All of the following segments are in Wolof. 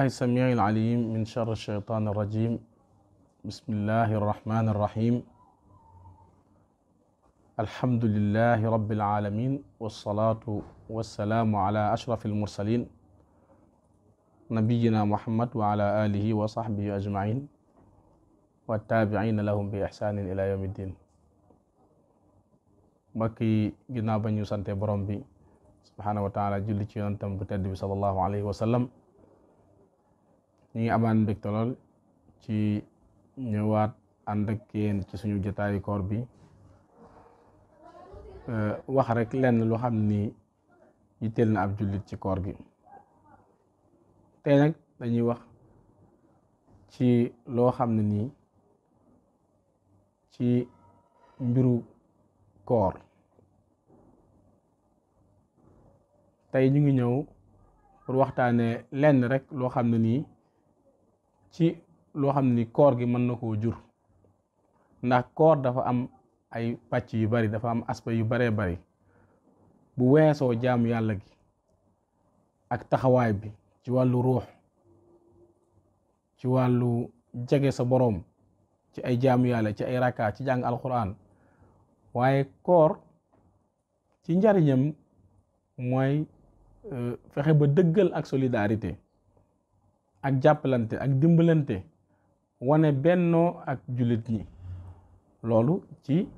بالله السميع العليم من شر الشيطان الرجيم بسم الله الرحمن الرحيم الحمد لله رب العالمين والصلاة والسلام على أشرف المرسلين نبينا محمد وعلى آله وصحبه أجمعين والتابعين لهم بإحسان إلى يوم الدين بكي جنابا يسانتي برمبي سبحانه وتعالى جل تشيران تم بتدبي صلى الله عليه وسلم ñu ngi amaan mbégte lool ci ñëwaat ànd ak ci suñu jotaayu koor bi euh, wax rek lenn lu xam ni yitteel na ab jullit ci koor gi tey nag dañuy wax ci loo xam ne nii ci mbiru koor tey ñu ngi ñëw pour waxtaanee lenn rek loo xam ne nii ci loo xam ni koor gi mën na koo jur ndax koor dafa am ay pàcc yu bari dafa am aspect yu baree bari bu weesoo jaamu yàlla gi ak taxawaay bi ci wàllu ruux ci wàllu jege sa boroom ci ay jaamu yàlla ci ay raka ci jàng alxuraan waaye koor ci njariñam mooy euh, fexe ba dëggal ak solidarité ak jàppalante ak dimbalante wane bennoo ak jullit ñi loolu ci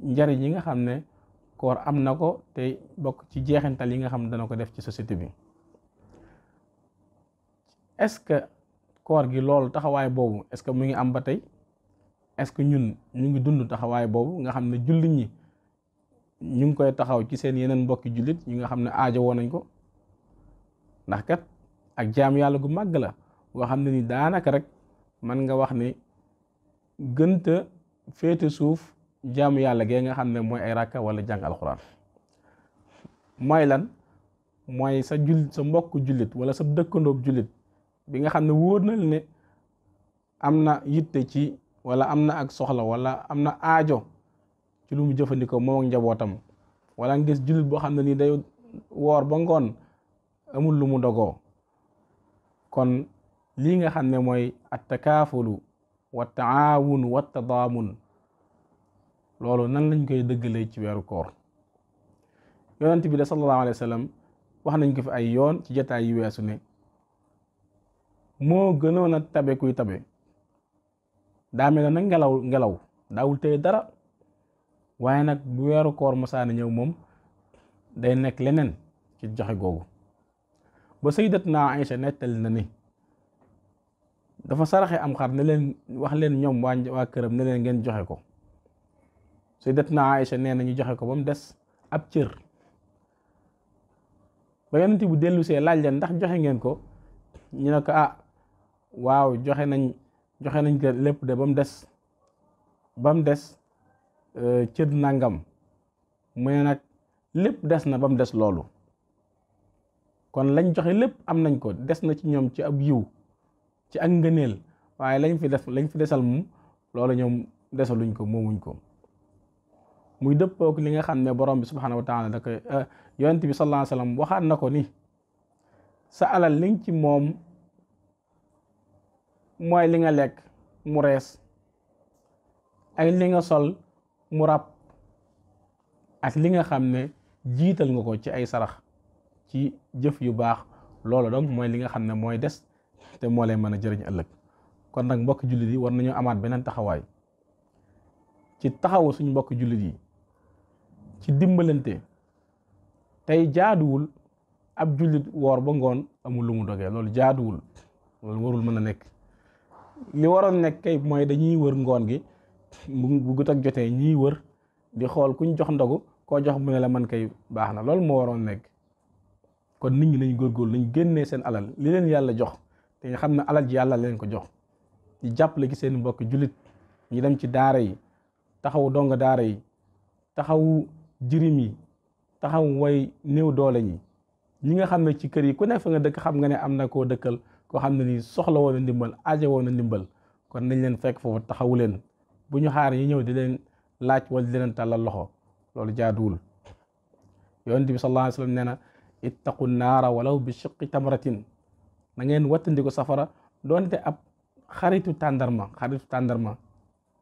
njariñ yi nga xam ne koor am na ko te bokk ci jeexintal yi nga xam ne dana ko def ci société bi est-ce que koor gi loolu taxawaay boobu est-ce que mu ngi am ba tey est-ce que ñun ñu ngi dund taxawaay boobu nga xam ne jullit ñi ñu ngi koy taxaw ci seen yeneen mbokki jullit ñi nga xam ne aajo woon nañ ko ndax kat ak jaam yàlla gu màgg la nga xam ne ni daanaka rek mën nga wax ne gënta féete suuf jaamu yàlla gee nga xam ne mooy ay rakka wala jàng alxuraan mooy lan mooy sa jul sa mbokk jullit wala sa dëkkandoog jullit bi nga xam ne wóor na ne am na yitte ci wala am na ak soxla wala am na aajo ci lu mu jëfandikoo moom ak njabootam wala nga gis jullit boo xam ne nii day woor ba ngoon amul lu mu dogoo kon lii nga xam ne mooy attakaafulu wa taawun wa tadaamun loolu nan lañ koy dëggalee ci weeru koor yonent bi de sallallahu alayhi wa wax nañ ko fi ay yoon ci jataay yu weesu ne moo gënoon a tabe kuy tabe daa mel na ngelaw ngelaw daawul tey dara waaye nag bu weeru koor masaana ñëw moom day nekk leneen ci joxe googu ba sayyidatna Aïcha nettali na ni dafa saraxe am xar ne leen wax leen ñoom waa waa këram ne leen ngeen joxe ko sayyidatna Aïcha nee na ñu joxe ko ba mu des ab cër ba yonent bu dellusee laaj leen ndax joxe ngeen ko ñu ne ko ah, waaw joxe nañ joxe nañ ko lépp de ba mu des ba mu des euh, cër nangam mu ne nag lépp des na ba mu des loolu kon lañ joxe lépp am nañ ko des na ci ñoom ci ab yiw ci ak ngëneel waaye lañ fi def lañ fi desal moom loolu ñoom desaluñ ko moomuñ ko muy dëppook li nga xam ne borom bi subxanahu wa taala da koy eh, yonent bi sallallahu alayhi wa sallam waxaat na ko ni sa alal li nga ci moom mooy li nga lekk mu rees ay li nga sol mu ràpp ak li nga xam ne jiital nga ko ci ay sarax ci jëf yu baax loolu doom mooy li nga xam ne mooy des. te moo lay mën a jariñ ëllëg kon nag mbokki jullit yi war nañoo amaat beneen taxawaay ci taxawu suñu mbokk jullit yi ci dimbalante tey jaaduwul ab jullit woor ba ngoon amul lu mu dogee loolu jaaduwul loolu warul mën a nekk li waroon nekk kay mooy dañuy wër ngoon gi bu gut ak jotee ñiy wër di xool kuñ jox ndogu koo jox mu ne la man kay baax na loolu moo waroon nekk kon nit ñi góor góor nañ génnee seen alal li leen yàlla jox te xam na alal ji yàlla leen ko jox ñu jàppale gi seen mbokk julit ñu dem ci daara yi taxawu donga daara yi taxawu jirim yi taxawu way néew doole ñi ñi nga xam ne ci kër yi ku ne fa nga dëkk xam nga ne am na koo dëkkal koo xam ne nii soxla woon na ndimbal aajo woon na ndimbal kon nañ leen fekk foofu taxawu leen bu ñu xaar ñu ñëw di leen laaj wal di leen tàllal loxo loolu jaaduwul yonent bi sallallahu alayhi wa sallam nee naara walaw bi shiqqi tamratin na ngeen wattandi safara doonte ab xaritu tàndarma xaritu tàndarma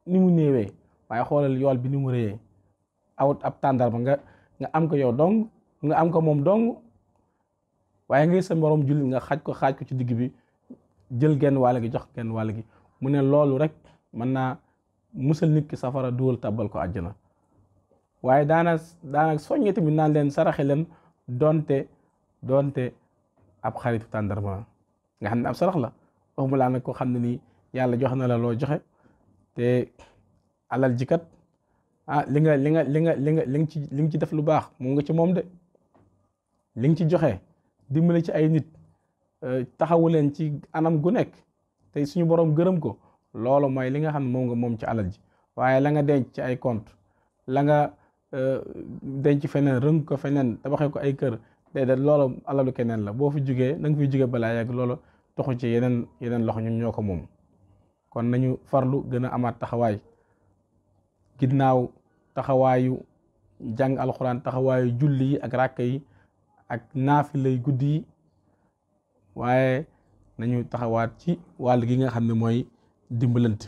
ni mu néewee waaye xoolal yool bi ni mu réyee ab tàndarma nga nga am ko yow dong nga am ko moom dong waaye nga sa moroom jullit nga xaaj ko xaaj ko ci digg bi jël genn wàll gi jox genn wàll gi mu ne loolu rek mën naa musal nit ki safara dugal tàbbal ko na waaye daana daana soññe tamit naan leen saraxe leen donte donte ab xaritu tàndarma nga xam ne am sarax la waxuma laa nag ko xam ne nii yàlla jox na la loo joxe te alal kat ah li nga li nga li nga li nga li nga ci li nga ci def lu baax moom nga ci moom de li nga ci joxe dimbale ci ay nit euh, taxawu leen ci anam gu nekk te suñu borom gërëm ko loolo mooy li nga xam ne moom nga moom ci alal ji waaye la nga denc ci ay compte la nga euh, denc feneen rëng ko feneen tabaxee ko ay kër loolo loolu alalu keneen la boo fi jugee na nga fi jugee balaa yàgg loolu toxu ci yeneen yeneen loxo ñun ñoo ko moom kon nañu farlu gën a amaat taxawaay ginnaaw taxawaayu jàng alxuraan taxawaayu julli yi ak ràkk yi ak lay guddi yi waaye nañu taxawaat ci wàll gi nga xam ne mooy dimbalante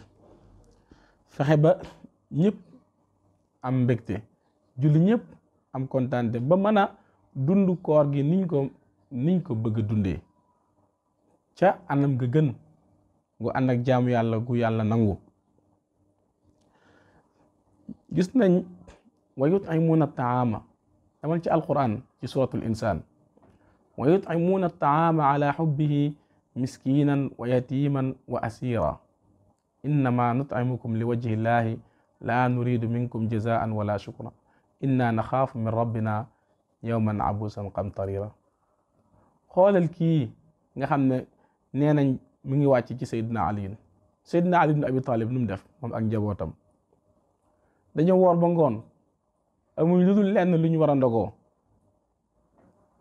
fexe ba ñëpp am mbégte julli ñëpp am kontaante ba mën dund koor gi niñ ko niñ ko bëgg a dundee ca anam ga gën gu ànd ak jaamu yàlla gu yàlla nangu gis nañ wa yut'imuuna taama damal ci alquran ci suratul insaan wa yut'imuuna taama ala xubbihi miskinan wa yatiman wa asira innama nut'imukum li wajhi llahi la nuridu minkum jazaan wala shukra inna naxaafu min rabbina na yawman abusan qamtarira xoolal kii nga xam ne nee nañ mi ngi wàcc ci Seydina Aliin Seydina Ali ibn Abi Talib def moom ak njabootam dañoo wor ba ngoon amuñ lu dul lenn lu ñu war a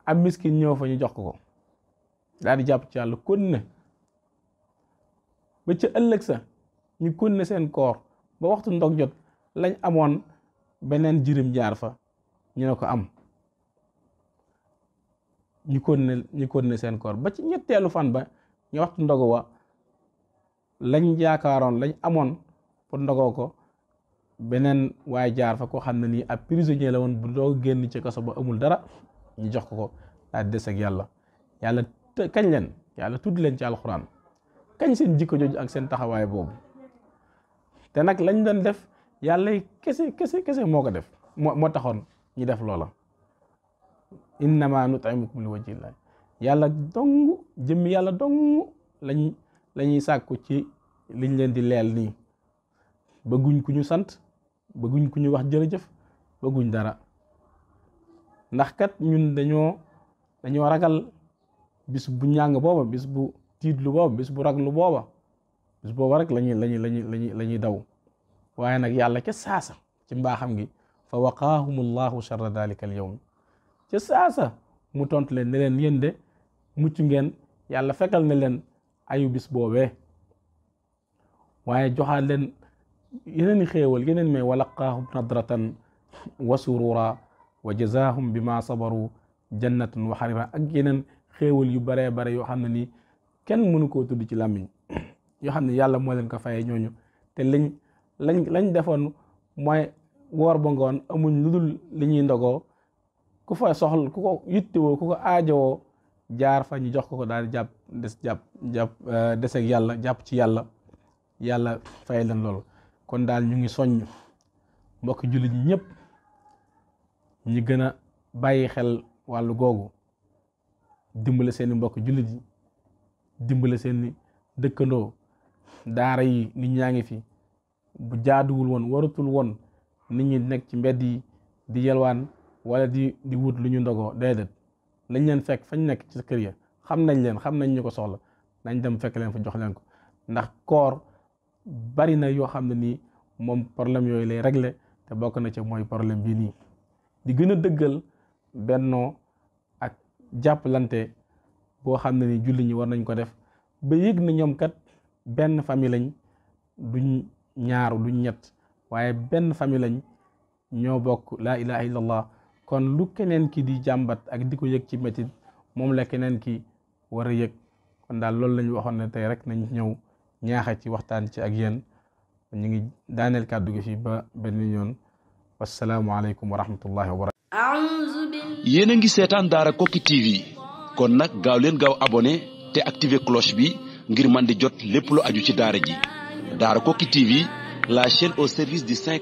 am miskin ñëw fa ñu jox ko daal di jàpp ci yàlla kon ne ba ca ëllëg sa ñu kon seen koor ba waxtu ndog jot lañ amoon neen jirim jaar fa ñu ne ko am ñu continuer ñu seen koor ba ci ñetteelu fan ba ñu waxtu ndogu wa lañ yaakaaroon lañ amoon pour ndogoo ko beneen waaye jaar fa ko xam ne nii ab prisonnier la woon bu doo génn ci kaso ba amul dara ñu jox ko ko daal des ak yàlla yàlla kañ leen yàlla tudd leen ci alxuraan kañ seen jikko jooju ak seen taxawaay boobu te nag lañ doon def yàlla kese kese kese moo ko def moo taxoon ñu def loola. nu nut'imukum li wajhillah yàlla dong jëmmi yàlla dong lañ la ñuy sàkku ci liñ leen di leel nii bëgguñ ku ñu sant bëgguñ ku ñu wax jërëjëf bëgguñ dara ndax kat ñun dañoo dañoo ragal bis bu ñàng booba bis bu tiitlu booba bis bu lu booba bis booba rek lañuy lañuy lañuy lañuy la ñuy daw waaye nag yàlla ca saasa ci mbaaxam gi fa waqaahum allahu charra dalika al ca saasa mu tontu leen ne leen yéen de mucc ngeen yàlla fekkal na leen ayu bis boobe waaye joxaat leen yeneen i xéewal yeneen mais wa laqaahum nadratan wa surura wa jazaahum bima sabaru jannatan wa xarira ak yeneen xéewal yu baree bare yoo xam ne nii kenn mënu koo tudd ci làmmiñ yoo xam ne yàlla moo leen ko fayee ñooñu te liñ lañ defoon mooy wor ba ngoon amuñ lu dul li ñuy ndogoo ku fa soxla ku ko yittewoo ku ko aajowoo jaar fa ñu jox ko ko daal jàpp des jàpp jàpp euh, des ak yàlla jàpp ci yàlla yàlla fay leen lool kon daal ñu ngi soññ mbokki jullit ñi ñëpp ñi gën a bàyyi xel wàllu googu dimbale seeni mbokki jullit yi dimbale seeni dëkkandoo daara yi nit ñaa ngi fi bu jaaduwul woon waratul woon nit ñi nekk ci mbedd yi di yelwaan wala di di wut lu ñu ndogoo déedéet nañ leen fekk fañ nekk ci kër ya xam nañ leen xam nañ ñu ko soxla nañ dem fekk leen fa jox leen ko ndax koor bari na yoo xam ne nii moom problème yooyu lay régler te bokk na ci mooy problème bii nii di gën a dëggal bennoo ak jàppalante boo xam ne ni julli ñi war nañ ko def ba yëg na ñoom kat benn famille lañ duñ ñaaru duñ ñett waaye benn famille lañ ñoo bokk laa ilaha illallah kon lu keneen ki di jàmbat ak di ko yëg ci métit moom la keneen ki war a yëg kon daal loolu la ñu waxoon ne tey rek nañu ñëw ñaaxa ci waxtaan ci ak yéen ñu ngi daaneel kàddu gi fi ba benn yoon wasalaamualeykum wa rahmatullahi wa barakatu yéen a ngi seetaan daara Koki TV kon nag gaaw leen gaaw abone te activé cloche bi ngir man di jot lépp lu aju ci daara ji daara Koki TV la chaîne au service du Saint